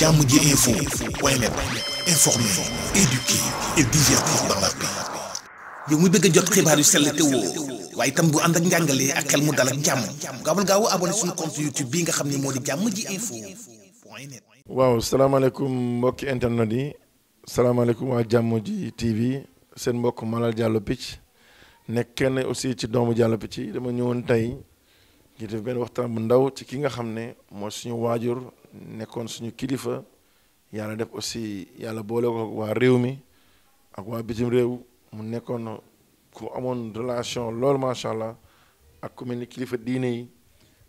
jàmm ji info point net informer, xibaar yu sell te bu ànd ak njàngalee ak mu dal ak jàmm gaawal gaaw abonné bii nga xam ne moo di jàmm ji info point waaw salaamaaleykum mbokki internet yi salaamaaleykum waa jàmm ji TV seen mbokk Malal Diallo Picc nekk kenn aussi ci doomu Diallo Picc dama ñëwoon tey. ngir def benn waxtaan bu ndaw ci ki nga xam ne moo suñu waajur nekkoon suñu kilifa yàlla def aussi yàlla boole ko waa réew mi ak waa bitim réew mu nekkoon ku amoon relation lool macha allah ak ku mel ni kilifa diine yi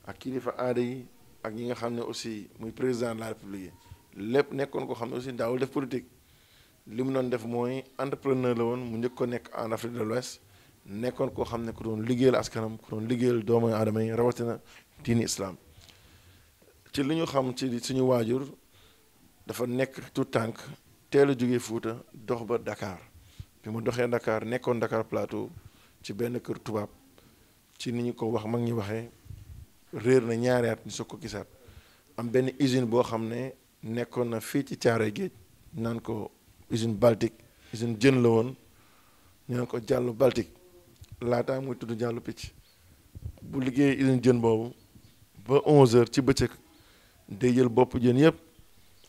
ak kilifa aada yi ak ñi nga xam ne aussi muy président de la yi lépp nekkoon ko xam ne aussi daawul def politique li mu noon def mooy entrepreneur la woon mu njëkk ko nekk en Afrique de l'Ouest nekkoon koo xam ne ku doon liggéeyal askanam ku doon liggéeyal doomu aadama yi rawatina diini islam. ci li ñu xam ci suñu waajur dafa nekk tout tànk teelu jóge Fuuta dox ba dakaar bi mu doxee Dakar nekkoon Dakar Plateau ci benn kër tubaab ci ni ñu ko wax mag ñi waxee réer na ñaari at ñu ko gisaat am benn usine boo xam ne nekkoon na fii ci Caaroy Géej naan ko usine Baltique usine jën la woon ñu naan ko jàll Baltique laataa muy tudd jàllu picc bu liggéey usine jën boobu ba 11 ci bëccëg day jël bopp jën yëpp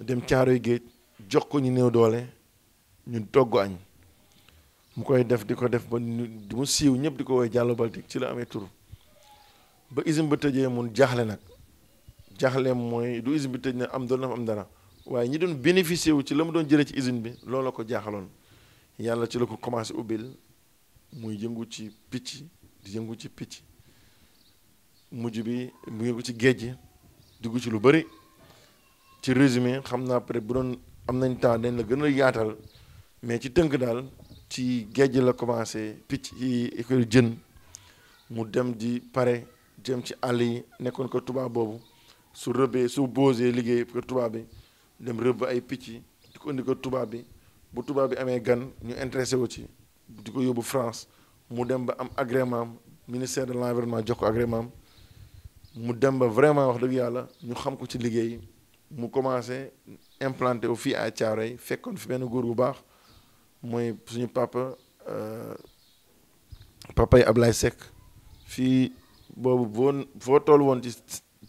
dem caaro caaroy géej jox ko ñu néew doole ñu togg añ mu koy def di ko def ba di mu siiw ñëpp di ko woy Diallo Baltique ci la amee tur ba usine ba tëjee mun jaaxle nag jaaxle mooy du usine bi tëj na am doon na am dara waaye ñi doon bénéficier wu ci la mu doon jëlee ci usine bi loolu ko jaaxaloon yàlla ci la ko commencé ubbil muy jëngu ci picc di yëngu ci picc mujj bi mu yëngu ci géej gi dugg ci lu bëri ci résumé xam naa peut bu doon am nañ temps dañ la gën a yaatal mais ci tënk daal ci géej la commencé picc yi école jën mu dem di pare jëm ci àll yi nekkoon ko tubaab boobu su rëbbee su boosee liggéey ko tubaab bi dem rëbb ay picc di ko indi ko tubaab bi bu tubaab bi amee gan ñu intéressé wu ci di ko yóbbu France mu dem ba am agrément ministère de l'environnement jox ko agrément mu dem ba vraiment wax dëgg yàlla ñu xam ko ci liggéey mu commencé implanté wu fii à yi fekkoon fi benn góor bu baax mooy suñu papa euh, papa yi lay Seck fii boobu boo foo tool woon ci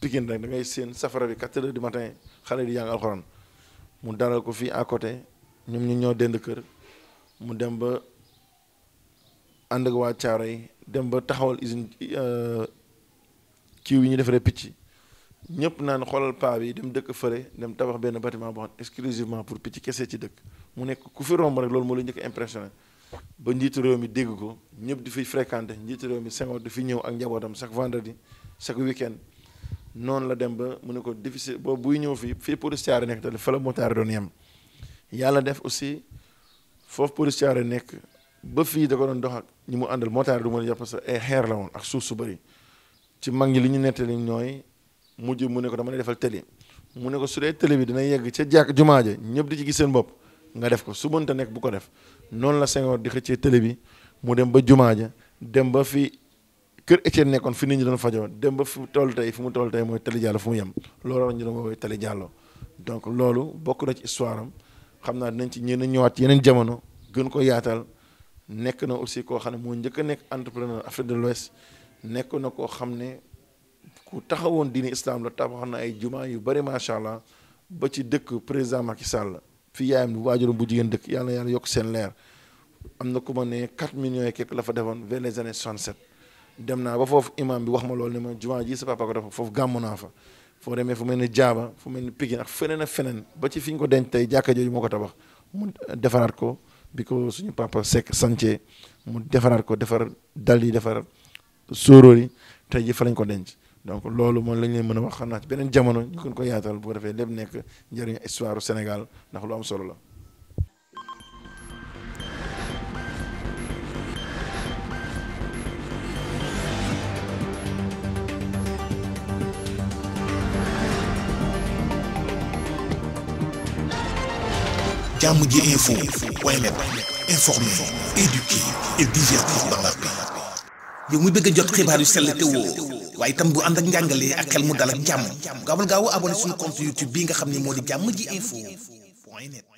Pikine rek da ngay séen safara bi quatre heures du matin xale di jàng alxuraan mu daral ko fii à côté ñoom ñu ñoo dend kër mu dem ba ànd ak waa Thiaroye dem ba taxawal usine. Euh, kiiw yi ñu defaree picc ñëpp naan xoolal paa yi dem dëkk fële dem tabax benn batiment boo xam exclusivement pour picc kese ci dëkk mu nekk ku fi romb rek loolu moo la jëkk impressionné ba njiitu réew mi dégg ko ñëpp di fiy fréquenté njiitu réew mi Senghor du fi ñëw ak njabootam chaque vendredi chaque week-end noonu la dem ba mu ne ko difficile boobu buy ñëw fii fii policière nekk te fala la motaar doon yem yàlla def aussi foofu policière nekk ba fii da ko doon dox ak mu àndal motaar du mën a jàpp ay xeer la woon ak suuf su bëri ci mag ñi li ñu nettali ñooy mujj mu ne ko dama lay defal télé mu ne ko su dee téli bi dina yegg ca jàkk jumaa ja ñëpp di ci gis seen bopp nga def ko su mënta nekk bu ko def noonu la Senghor di xëccee télé bi mu dem ba jumaa ja dem ba fi kër Étienne nekkoon fi nit ñi doon fajoo dem ba fi mu toll tey fi mu toll tey mooy Télé Diallo fu mu yem looloo ñu doon woowee Télé Diallo donc loolu bokk na ci histoire am xam naa dinañ ci ñeneen ñëwaat yeneen jamono gën ko yaatal nekk na aussi koo xam ne moo njëkk nekk entrepreneur Afrique de l'Ouest nekk na koo xam ne ku taxawoon diine islam la tabax na ay juma yu bari macha allah ba ci dëkk président Macky Sall fi yaayam waajur bu jigéen dëkk yàlla yàlla yokk seen leer am na ko ma ne 4 millions et quelque la fa defoon vers les années 67 dem naa ba foofu imam bi wax ma loolu ne ma juma ji sa papa ko dafa foofu gàmm naa fa foo demee fu mel ne jaaba fu mel ni Pikine ak feneen a feneen ba ci fi ñu ko denc tey jàkka jooju moo ko tabax mu defaraat ko bi ko suñu papa Seck sance mu defaraat ko defar dal yi defar sóoróor yi tey ji fa lañ ko denc donc loolu moom lañ leen mën a wax xam naa ci beneen jamono ñu gën ko yaatal boo defee lépp nekk njëriñu histoire Sénégal ndax lu am solo la ji yow mu bëgg jot xibaar yu sell te woo waaye itam bu ànd ak njàngale ak xel mu dal ak jàmm gaawal gaaw abonné suñu compte YouTube bii nga xam ne moo di jàmm ji info point